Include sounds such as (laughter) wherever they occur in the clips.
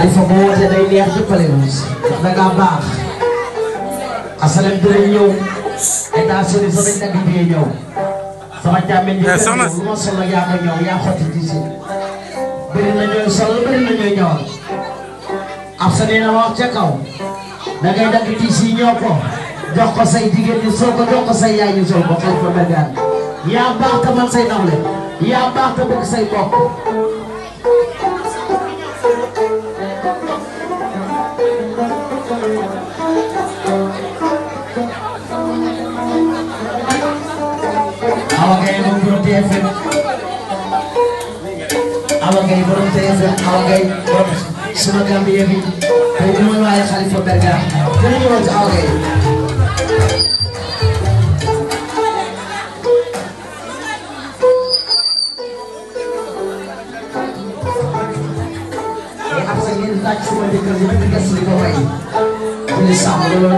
xalifa bu wootee day neex jëppale wu si ndax da ngaa baax asalem dinañ ñëw état sori soo dañ dagg biyee ñëw sama càmmiñ bi eh, lu ma yaa ko ñëw yaa xotti ci si bëri na ñooy na ñooy ñëwal ab sa nee na wax ca kaw da ngay dagg ñoo ko jox ko say jigéen ñi soo ko ko say yaay ñu soo ko xalifa Mbergane yaa baax te man say nawle yaa baax te say bokk చేసి awagay borom teyese awagay borom suma gambi yebi tay duma waye khalifa berga dina Aku ingin tak semua dikerjakan, kita sedih kau ini. Ini sama dulu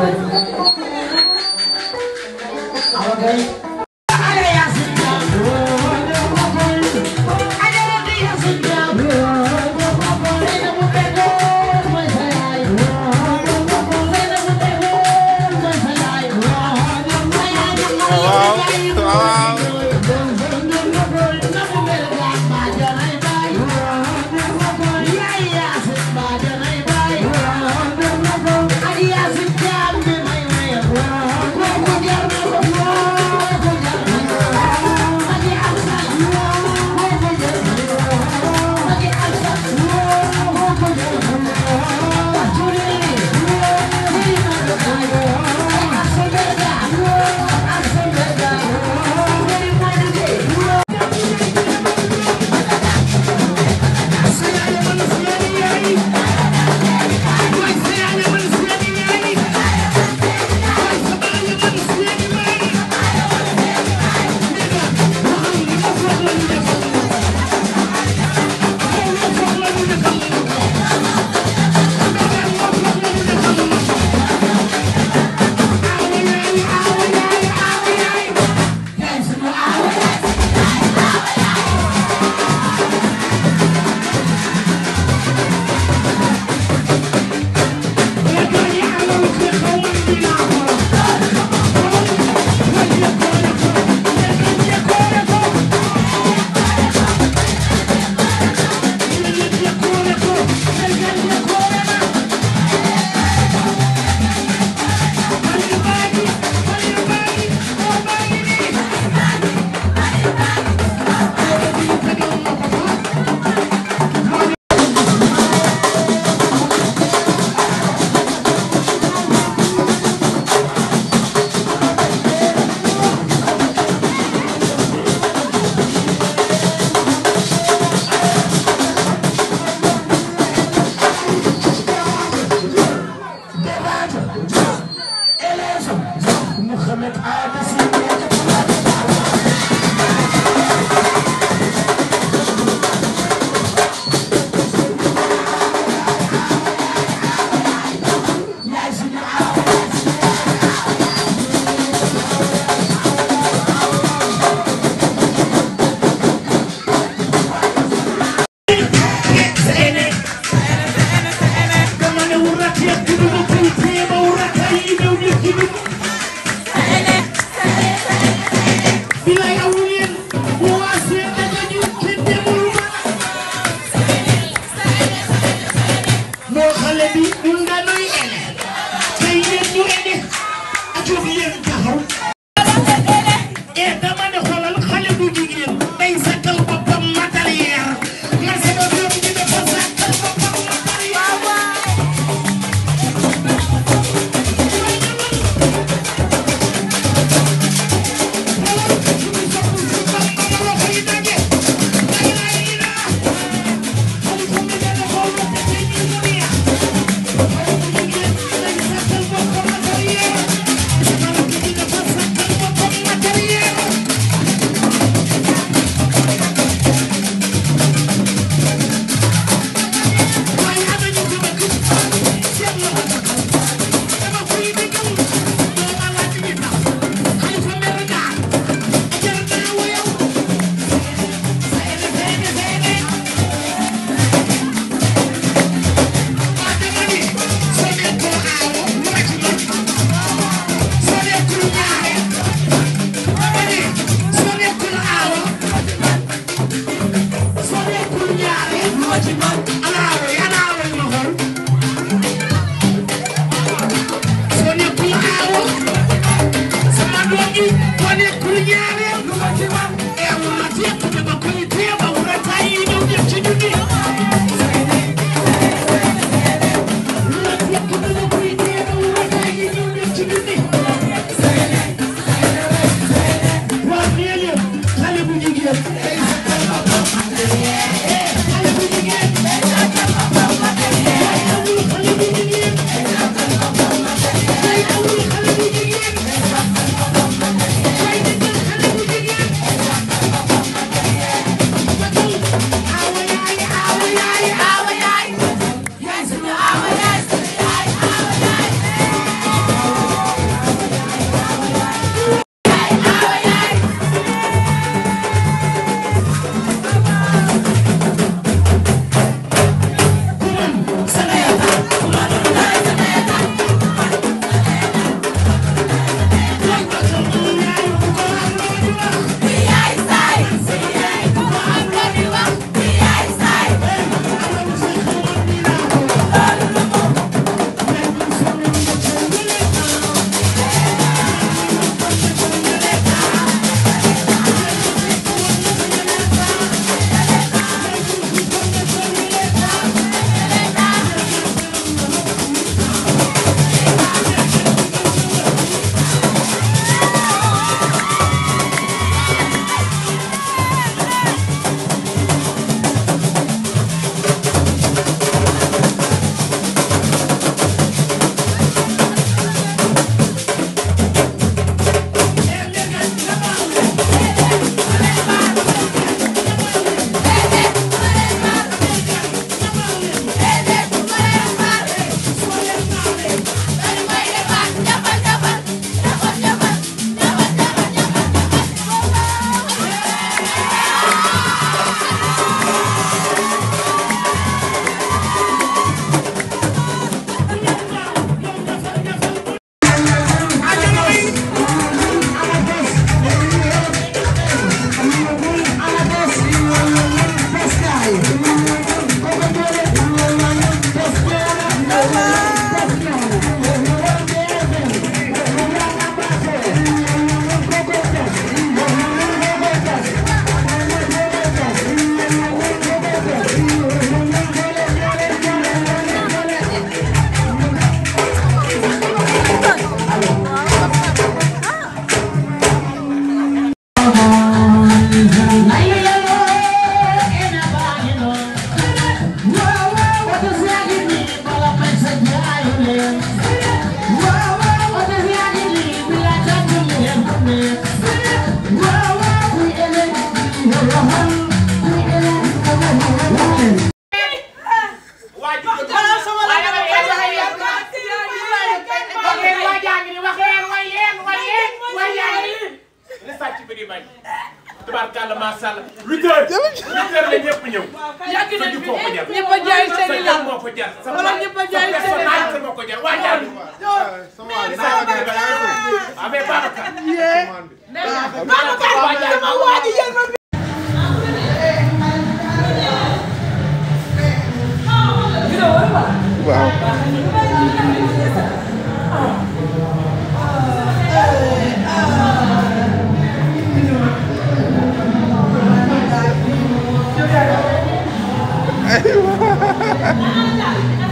Nada! (laughs)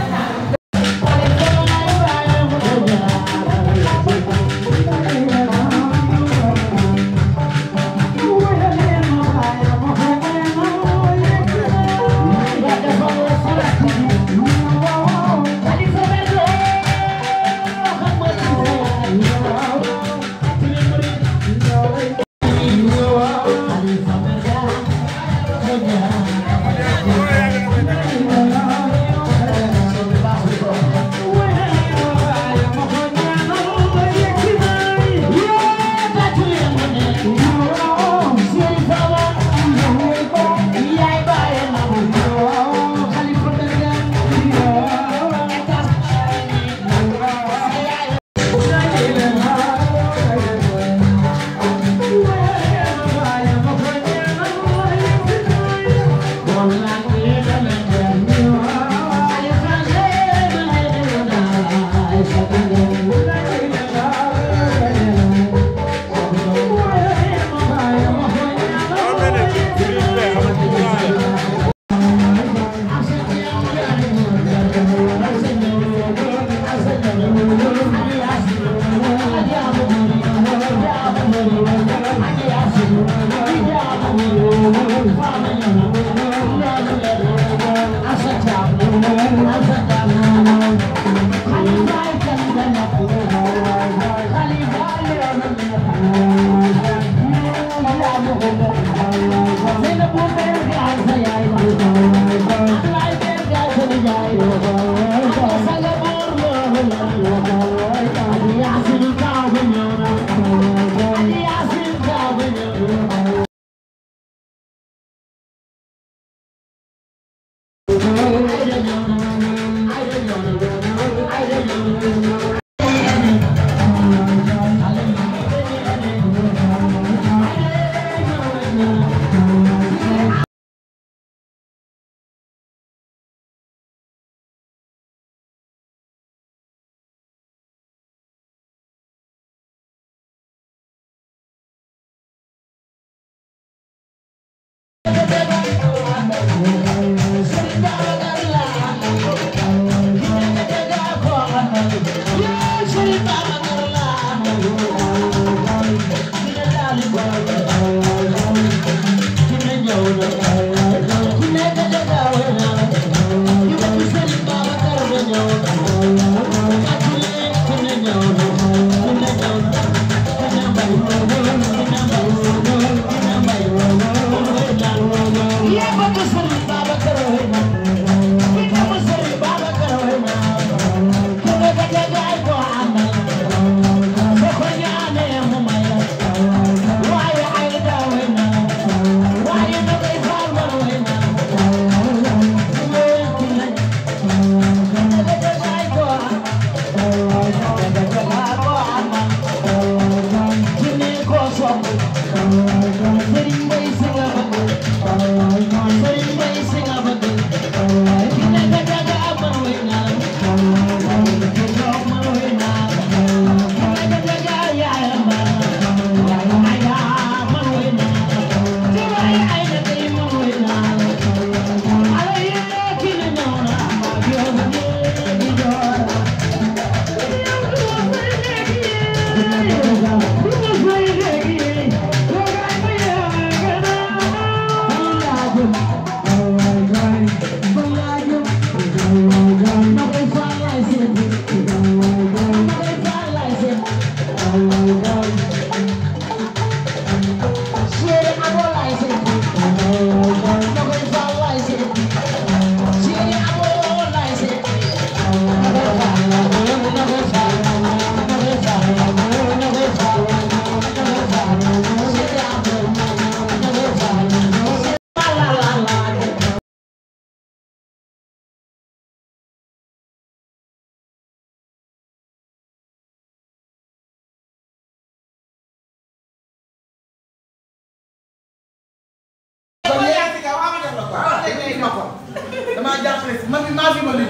maa jàppale si man mii maa fi ma leen.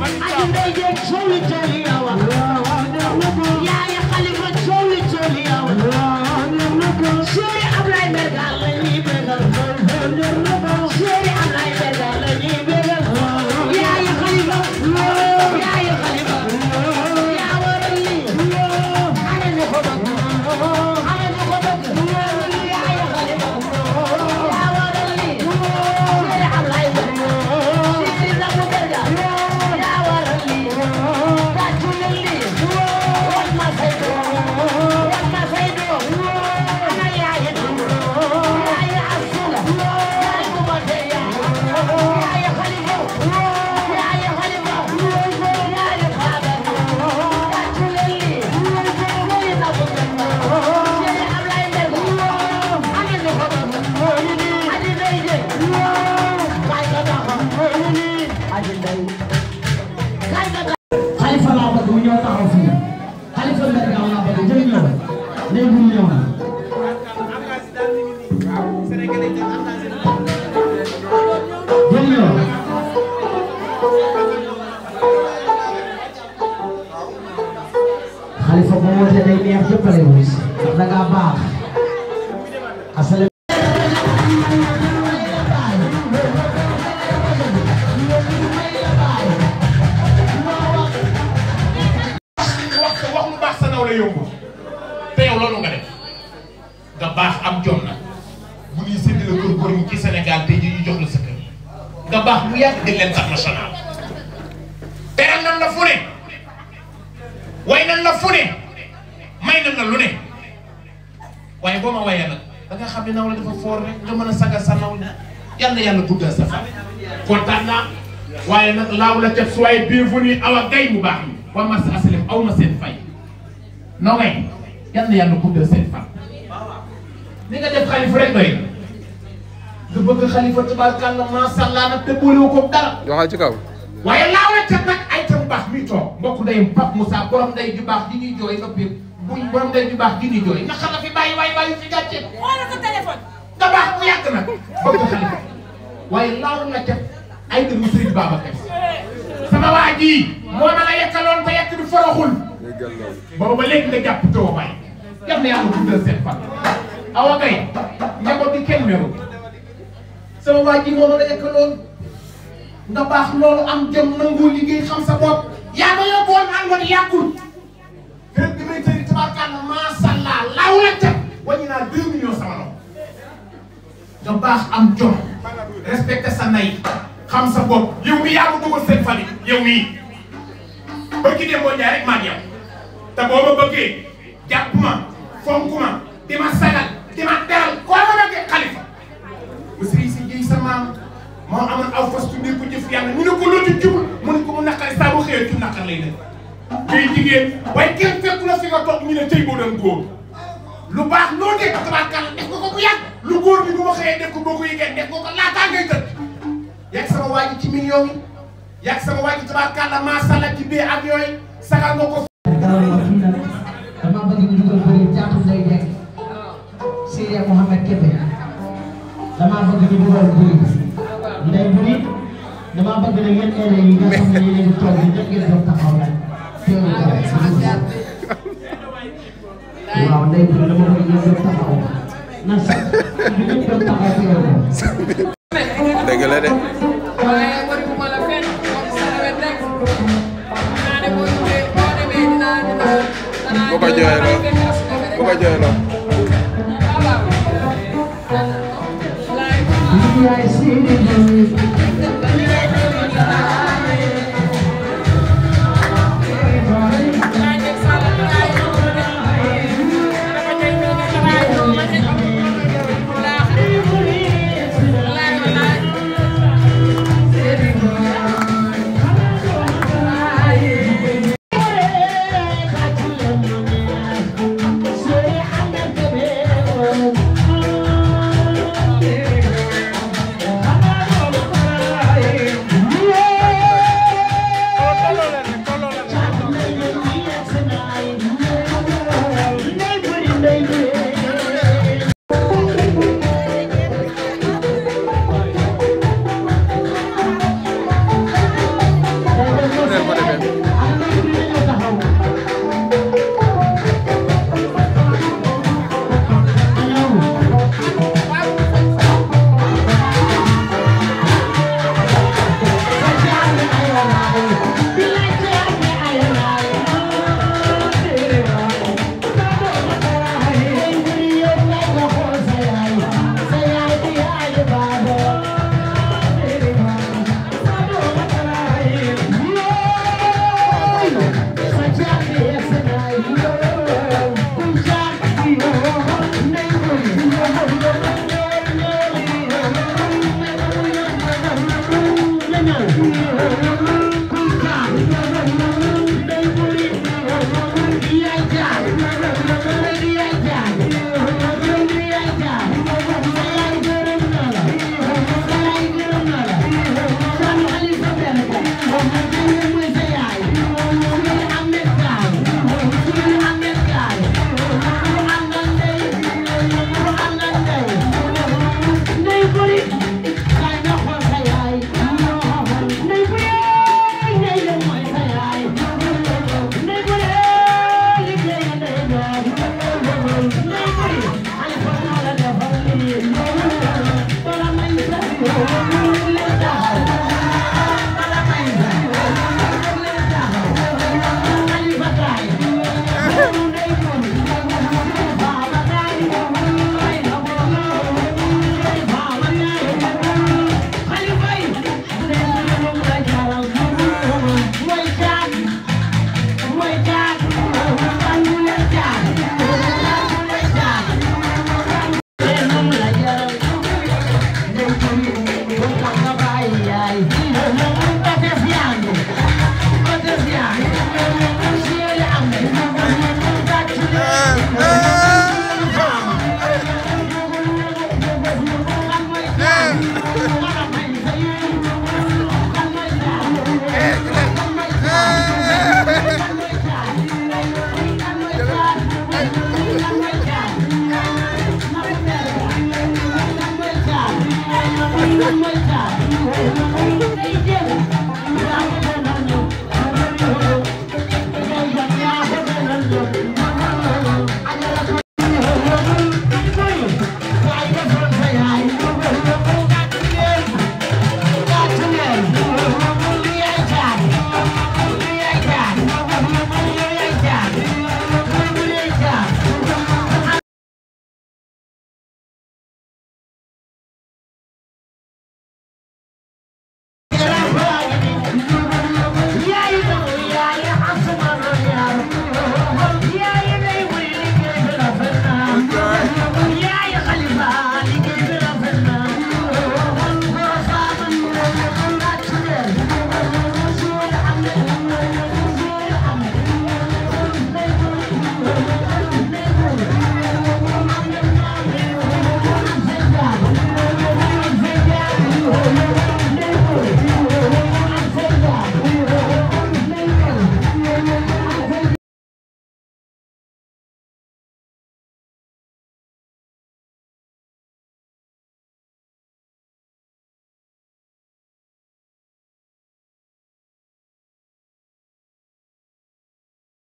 I can make it truly tell you. allahu la caf soyez bienvenue Awa Gaye mu baax yi waa Marché HLM aw ma seen fay noo ngay yal na yàlla guddal seen fan ni nga def xalifa rek doy na nga bëgg xalifa tabaarkalla macha allah nag te boolewoo ko dara. waxal ci kaw. waaye laaw la ca nag ay ca baax mi toog mbokk ndeyam Pape Moussa borom ndey ju baax ji ñuy jooy nga biir buñ borom ndey ju baax ji ñuy jooy nga xam la fi bàyyi waay waay fi gàcce. xoolal sa téléphone. nga baax bu yàgg nag bëgg xalifa waaye laaw la ca ay dëgg Serigne Babacar sama waa ji moo na yekkaloon ko yekk du foroxul boobu ba léegi nga jàpp too bay yàlla na yàlla guddal seen fan awa kay njaboot waa ji moo na yekkaloon nga baax am jëm nangoo liggéey xam sa bopp yaa ma yóbbuwoon àndoon yàggul di may tëri am jom respecté sa nay xam sa bopp yow mii yaa ma bëggoon seen famille yow mii bëgg dem boo jaay rek maa yow te boo jàpp ma fonk ma di sagal di ma teral koo ma bëggee xalifa mu sëriñ si jiy sa maam moo amoon aw fas tuddee ko jëf yàlla ñu ne ko loo ci jubul mu ne ko mu naqari saa bu xëyee ci naqar lay def ngay jigéen waaye kenn fekk la fi nga toog ñu ne tey boo doon góor lu baax loo dégg tabaarkàlla def nga bu yàgg lu góor bi bu ma xëyee def ko boo ko yëgee def nga ko Yak sama waji ci million yi yak sama waa ji tabaarkàlla ma sala ci bi ak yoy saxal nga ko. gannaaw bëgg ñu dugal bari Thiatou lay Dieng Seydia Mouhamed Kébé dama bëgg ñu dugal bari ndey bu dama bëgg na yéen aile yi nga xam ne yéen tok ñu ngi ñëpp taxaw la teewul ko waaw ndey bu dama bëgg ngeen doon taxaw na sax ñu doon taxaw teewul ko. la de. jooyloo ku ko jooyloo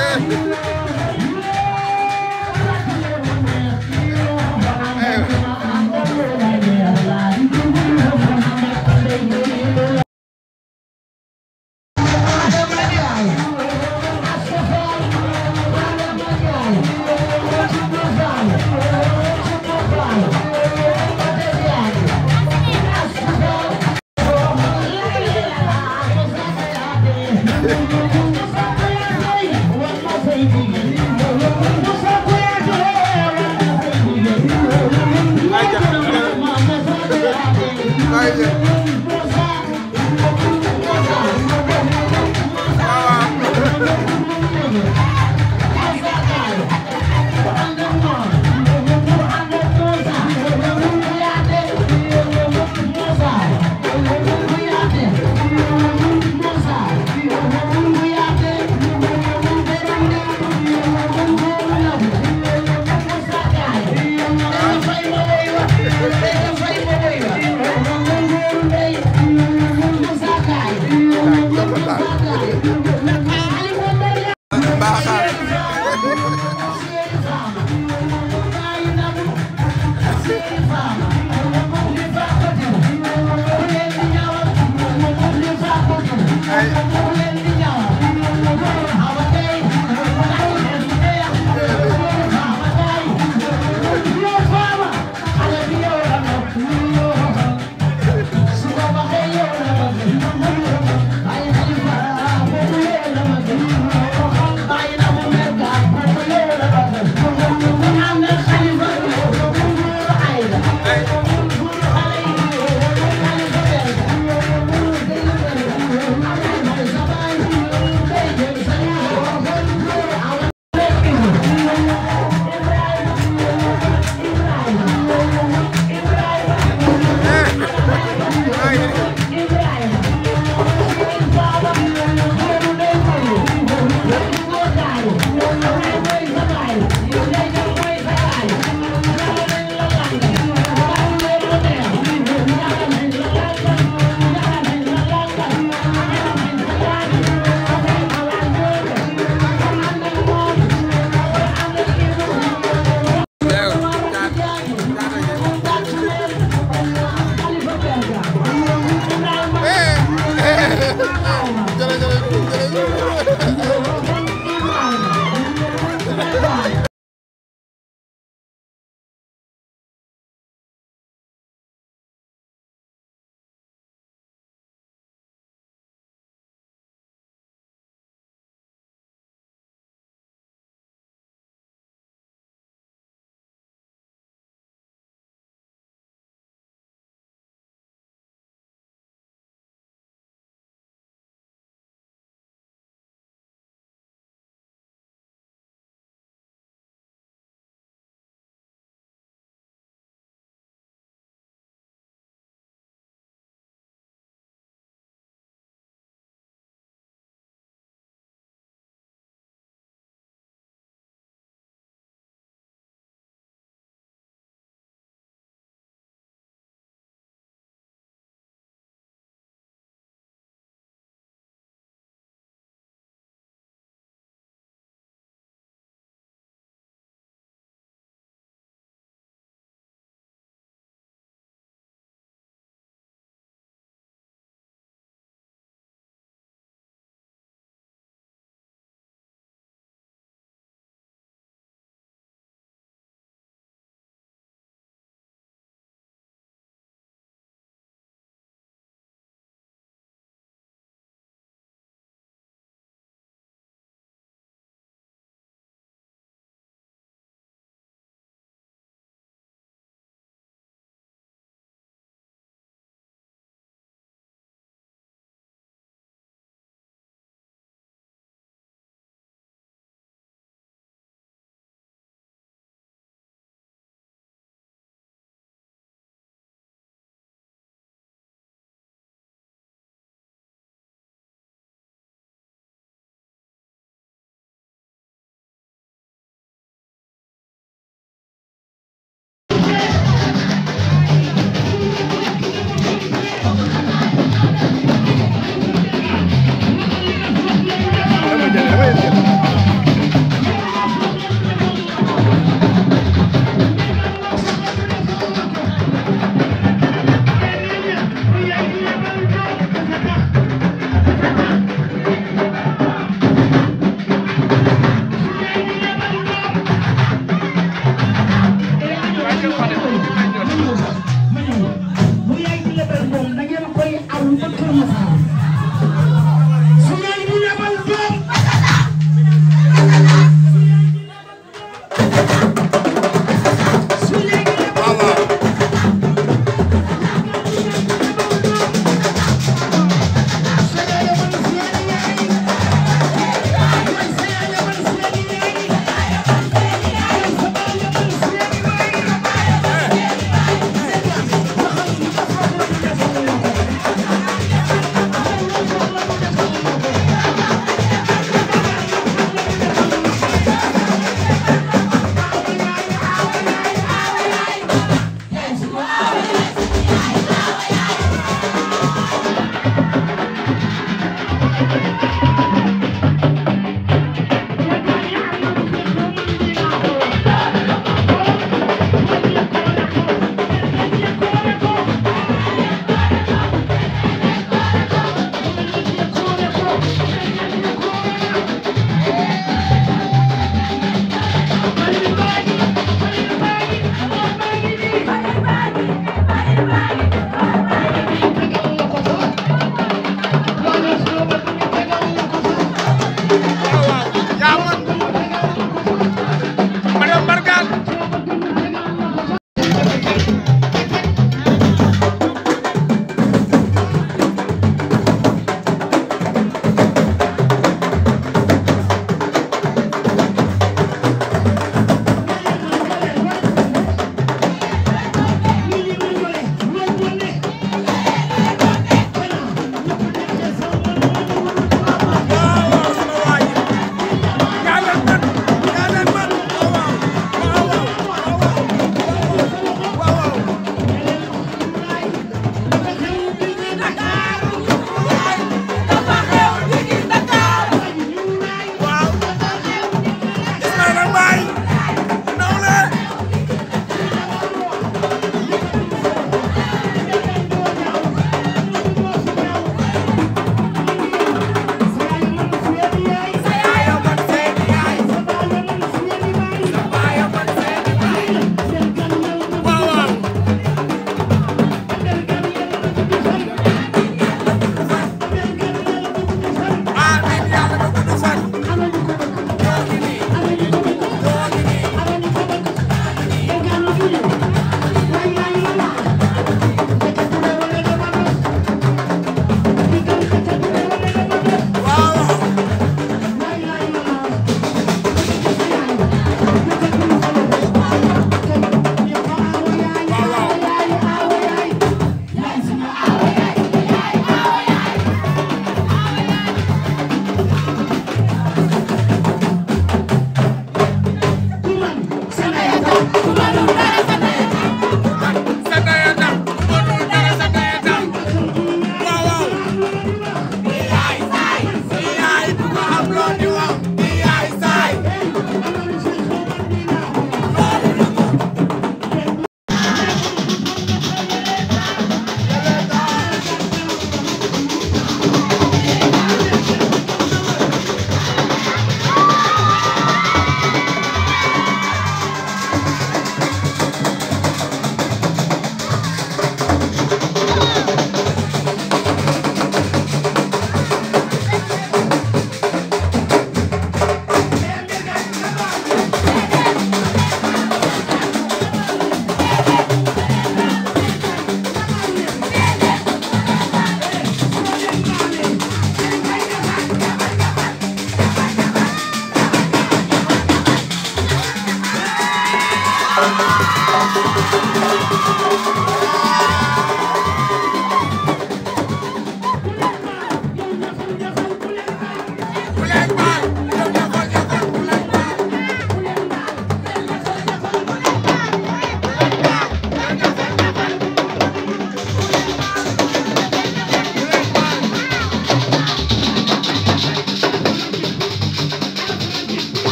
Yeah.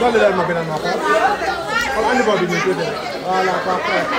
Dole leen ma beneen ma xool xool andi boobu ñu tuuti voilà parfait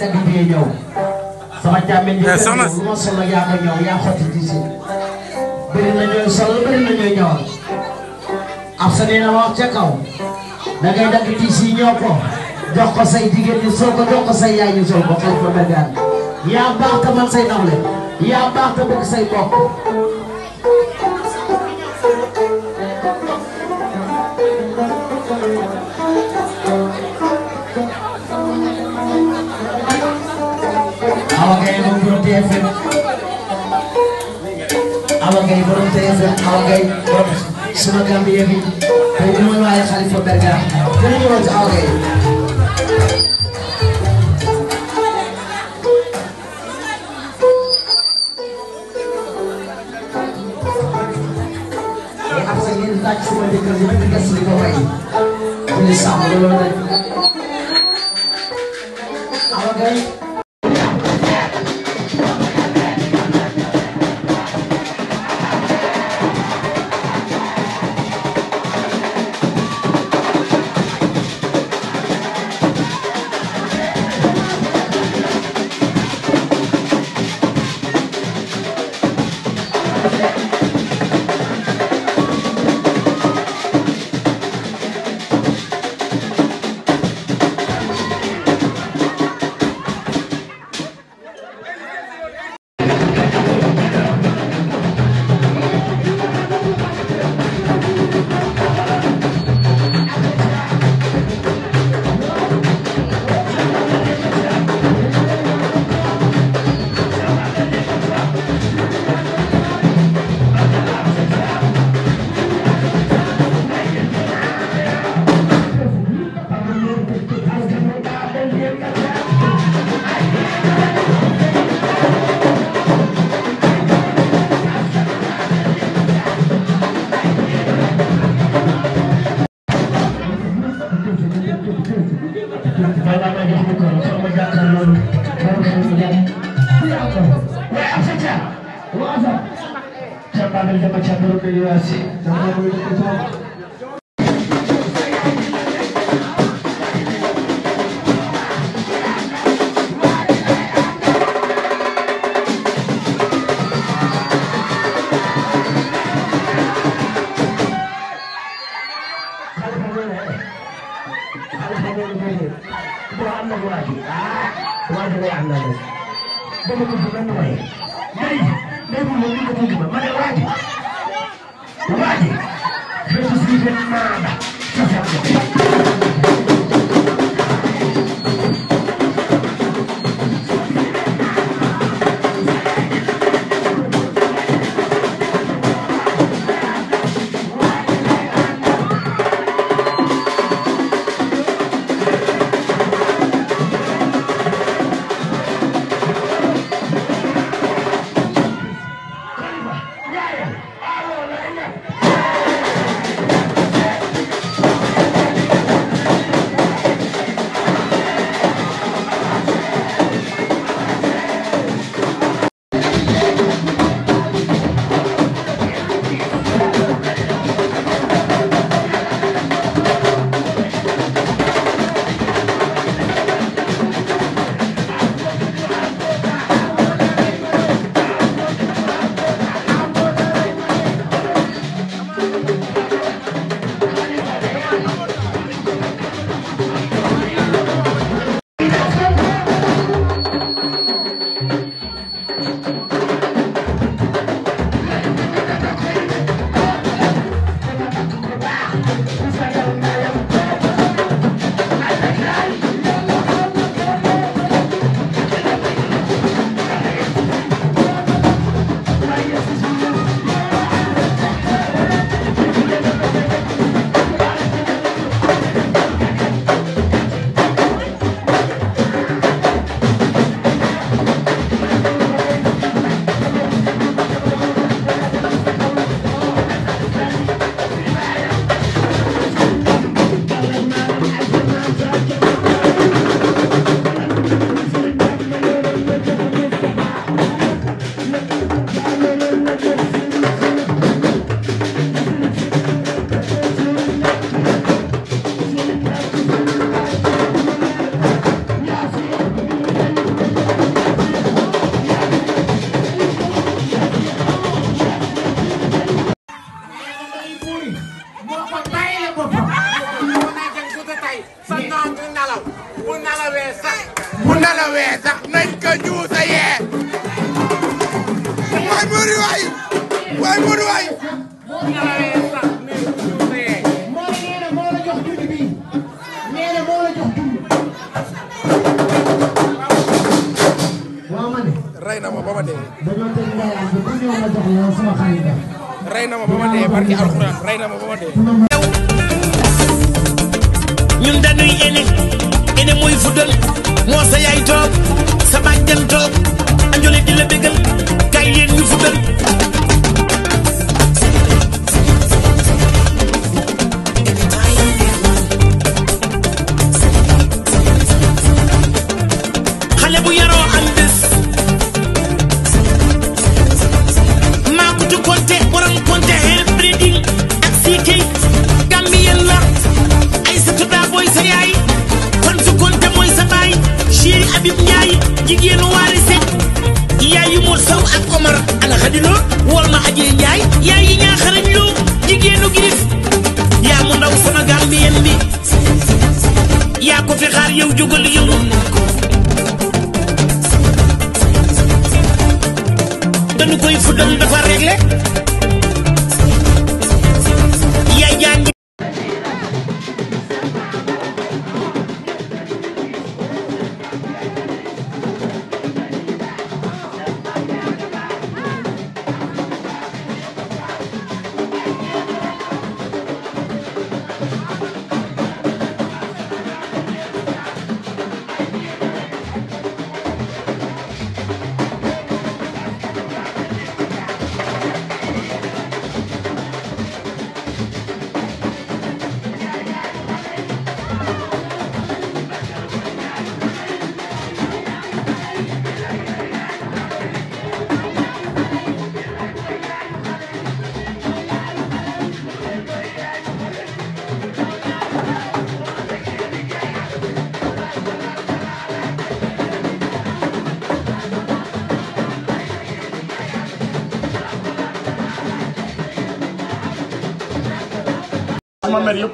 dagg bee sa sama càmmiñ bi lu ma solo yaa ko ñëw yaa xotti ci si bëri na ñooy solo bëri na ñooy ñëwal ab sa nee na wax ca kaw da ngay dagg ci si ñoo ko jox ko say jigéen ñi soo ko ko say yaay ñu soo ko xel fa bëggaan yaa baax te man say nawle yaa baax te bëgg say bokk আমাকে Nazrul TFA আমাকে বরম TFA আমাকে sama Gambia bi day dama Thank you. donde se arregle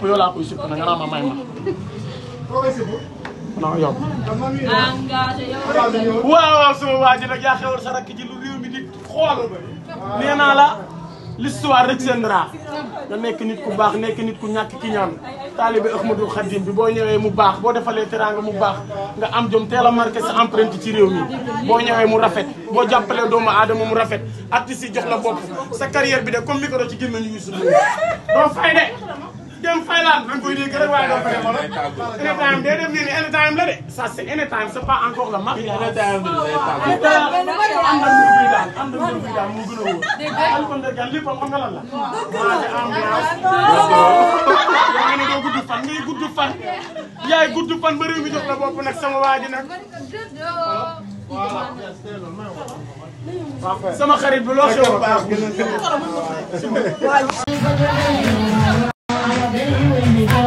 lépp yow laa koy sipp na nga naa ma may ma non yow. waaw waaw sama waa ji nag yaa xewal sa rakk ji lu réew mi di xool nee naa la l'histoire rek seen dara nga nekk nit ku baax nekk nit ku ñàkk ki ñaan taalibe Ahmadul Xadim bi boo ñëwee mu baax boo defalee teraanga mu baax nga am jom teel a marqué sa empreinte ci réew mi boo ñëwee mu rafet boo jàppalee doomu aadama mu rafet artiste si jox la bopp sa carrière bi de comme micro ci gémmiñ ñu su doo fay na nga koy dégg rek waaye doo fexe wala. anytime day def nii anytime la de. ça c' est anytime c' est pas encore le mariage. anytime bi day tàggu. am na mbir bi daal am na mbir bi daal mu gën a wóor. Alioune Ndegeal lépp xam nga lan la. maa ngi ambiance. yaa ngi ne doo gudd fan ngay gudd fan. yaay gudd fan ba réew mi jox la bopp nag sama waa ji nag. sama xarit bi loo xew baax.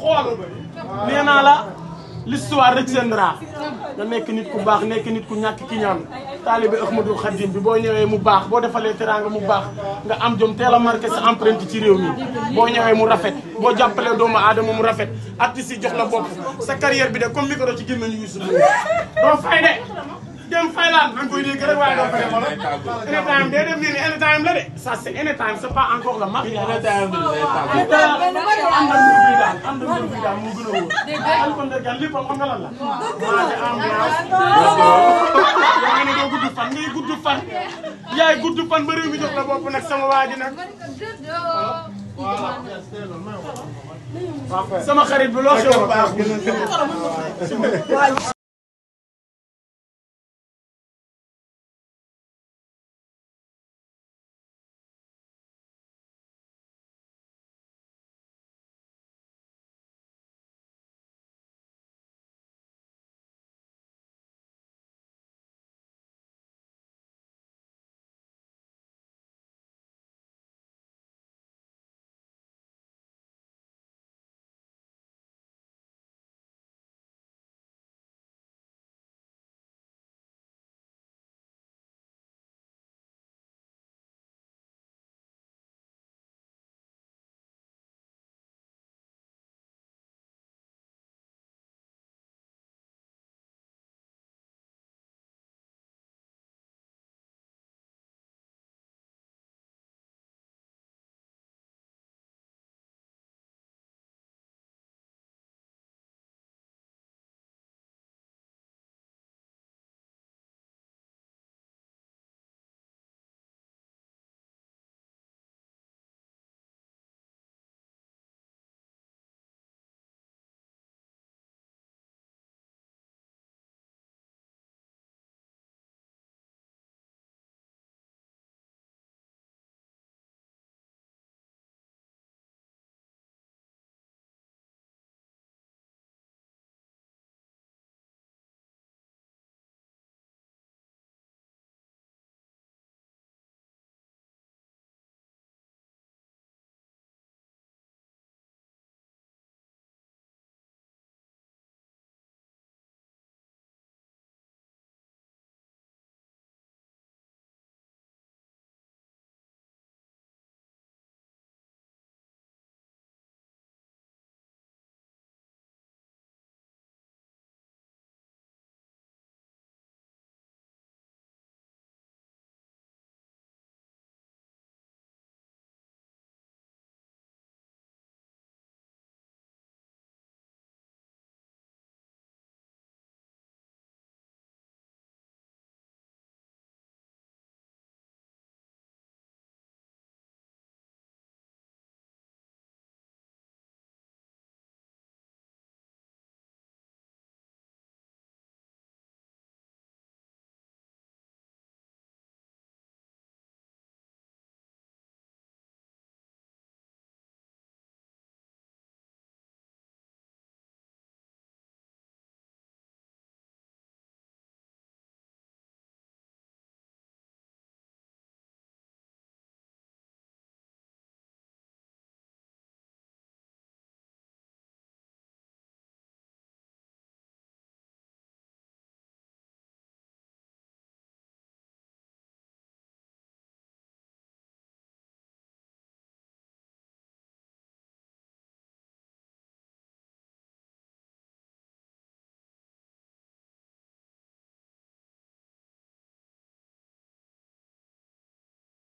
xool nee naa la l'histoire retiendra nga nekk nit ku baax nekk nit ku ñàkk ki ñaan taalibe Ahmadul Xadim bi boo ñëwee mu baax boo defalee teraanga mu baax nga am jom teel a marqué sa empreinte ci réew mi boo ñëwee mu rafet boo jàppalee doomu aadama mu rafet artiste yi jox la bopp sa carrière bi de comme micro ci gémmiñu Youssou doo fay de dem Finlande da nga koy dégg rek waaye doo ko def wala. anytime day dem nii nii anytime la de. ça c' est anytime c' est pas encore le mariage. anytime am na lu muy daal am na lu muy daal moo gën a wóor. dégg nga Alioune Ndergane léppam xam nga lan la. maase ambiance. yaa ngi ne doo gudd fan ngay gudd fan. yaay gudd fan ba réew mi jox la bopp nag sama waa ji nag. sama xarit bi loo xew.